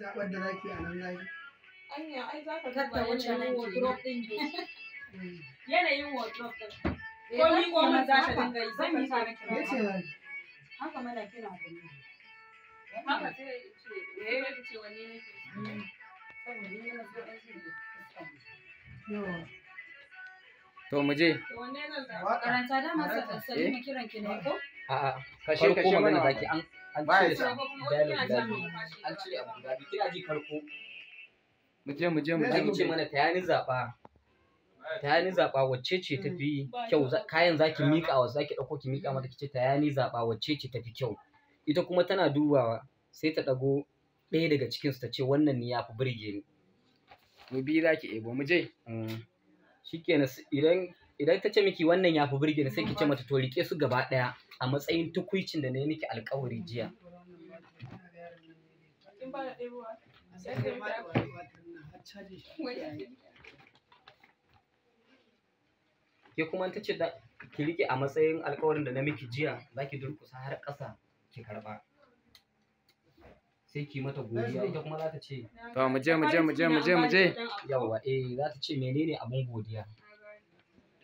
zaɓar da zaki a nan anya ai za ka yanayin wardrobe ɗin ne yanayin wardrobe ɗin ko ni ko mun za ta dinga yi zan yi sa na kira yace haka mana da ni haka sai ce ce ne ke saboda ni yawa to mu je wanne zan karanta kiran ki ne ko A'a, kashe kashe mana zaki an an cire sa dialogue an cire abu guda kina ji farko mu je mu je mu je mu ce mana tayanin zaba tayani zaba wacce ce tafi mm. kyau kayan zaki mika wa zaki dauko ki mika mata kice tayani zaba wacce ce tafi kyau ita kuma tana dubawa sai ta dago ɗaya daga cikin su ta ce wannan ne yafi burge ni mu bi zaki ebo mu je mm. shikenan idan idan ta ce miki wannan ya fi burge ni sai ki ce mata to rike su gaba ɗaya a matsayin tukuicin da na yi miki alkawari jiya ke kuma ta ce ki rike a matsayin alkawarin da na miki jiya za ki durkusa har ƙasa ki karɓa sai ki mata godiya ita kuma za ta ce to mu je mu je mu je mu je mu je yawa eh za ta ce menene abun godiya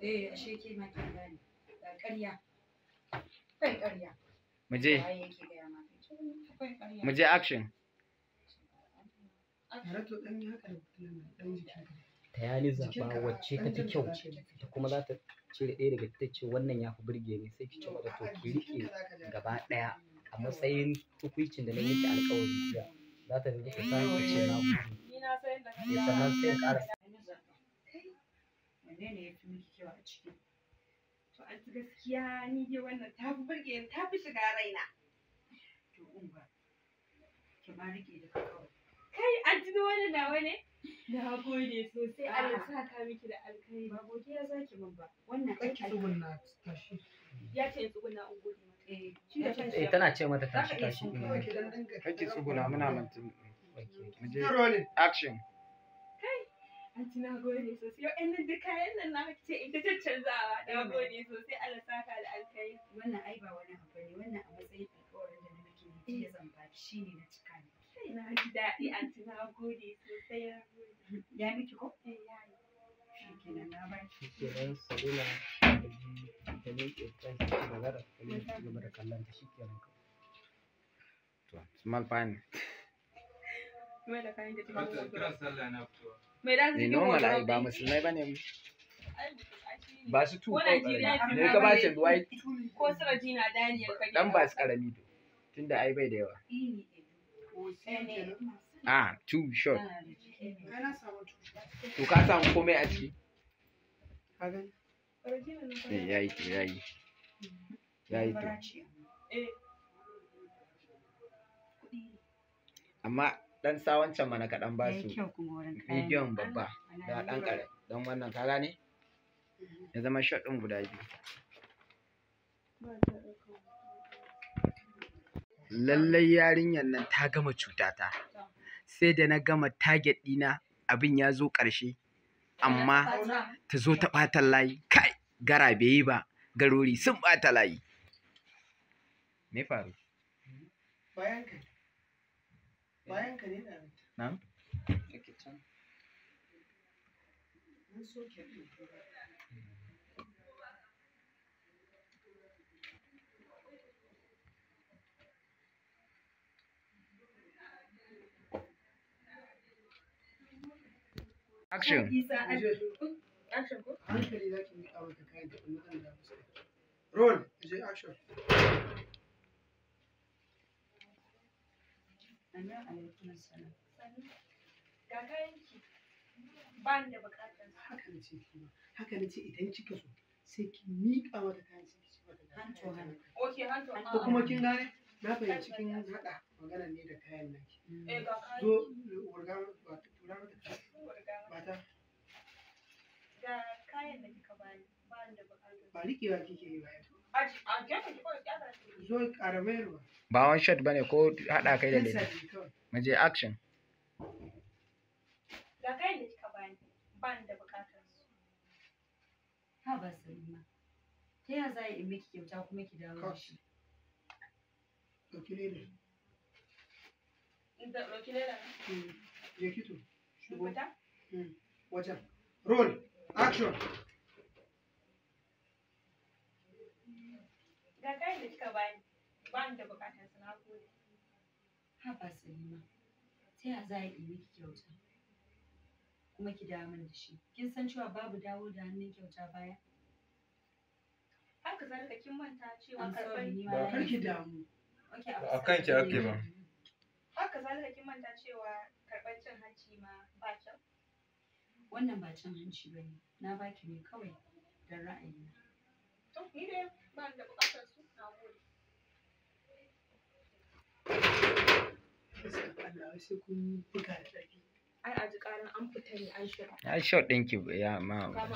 eh ma mu je action ta zaɓa wacce ta kyau ta kuma za ta cire ɗaya daga ta ce wannan ya fi burge ni sai ki ci mata to ki riƙe gaba ɗaya a matsayin tukwicin da na yi ki alƙawari za ta riƙe ta sake ce na gudu sannan sai ƙara wanne ne ya fi miki kyau a ciki to gaskiya ni dai wannan ta fi burge ta fi shiga raina to ki ma rike da kawai kai na gode sosai miki da ba zaki ba wannan tashi ya ce eh, eh, tana ce mata tashi tashi kake tsuguna muna mantin action Haji na gode sosai. Yau ɗan da kayan nan na ce ita za a Na gode sosai Allah saka da alkai. Wannan ai ba wani abu ne. Wannan a matsayin alƙawarin da na miki ne zan ba shi ne na cika ne. Na ji daɗi anti na gode sosai Ya miki ko? Eh, ya yi. na ba shi. da ne ke kan da gaba da kallon ta small fine. mai da kayan da cikin wardrobe kiran sallah na fitowa mai da cikin normal ba musulmai mu ba su tu ba su tunda bai da yawa ah two short to ka samu komai a ciki ya yi to ya yi amma dan sa wancan mana kaɗan ba su bidiyon babba da dan kare dan wannan ka gane mhm. ya zama shot din guda biyu lallai yarinyar nan ta gama cutata sai da na gama target ɗina abin ya zo ƙarshe amma ta zo ta ɓata layi kai gara bai yi ba garori sun ɓata layi me faru bayan Eh. bayan ka ne na an Action. Action. Action Action. Action Action. Action. Action. Action. Action. Action. Action. Action. Action. Action. Action. Action. action. Amin alaikum salam. da bukatar haka haka idan kika so sai ki miƙa mata kayan sai ki ci mata hanto hanto. Okay hanto ah. kuma kin gane na fahimci kin haɗa magana ne da kayan naki. Eh Zo wurga ba tura mata. Ga kayan da kika bani da bukatar. Ba kike yi ba ba one shot bane ko hada kai da lele mu je action da kai ne ka bani ban da bukatar su ha ba sai ma ta ya zai in miki kyauta kuma ki dawo da shi ɗauki leda in da ɗauki leda ne eh, ya kito shigo fita haba salima ta ya za a yi miki kyauta kuma ki dawo da shi kin san cewa babu dawo da hannun kyauta baya haka zalika kin manta cewa karban ba kar ki damu a kan ki ake ba haka zalika kin manta cewa karɓar cin hanci ma ba kyau wannan ba cin hanci ba ne. na baki ne kawai don ra'ayina ni dai ba da sai kun buga da ƙarfi ai a ji ƙarin an fita ne an shot an shot ɗinki ya ma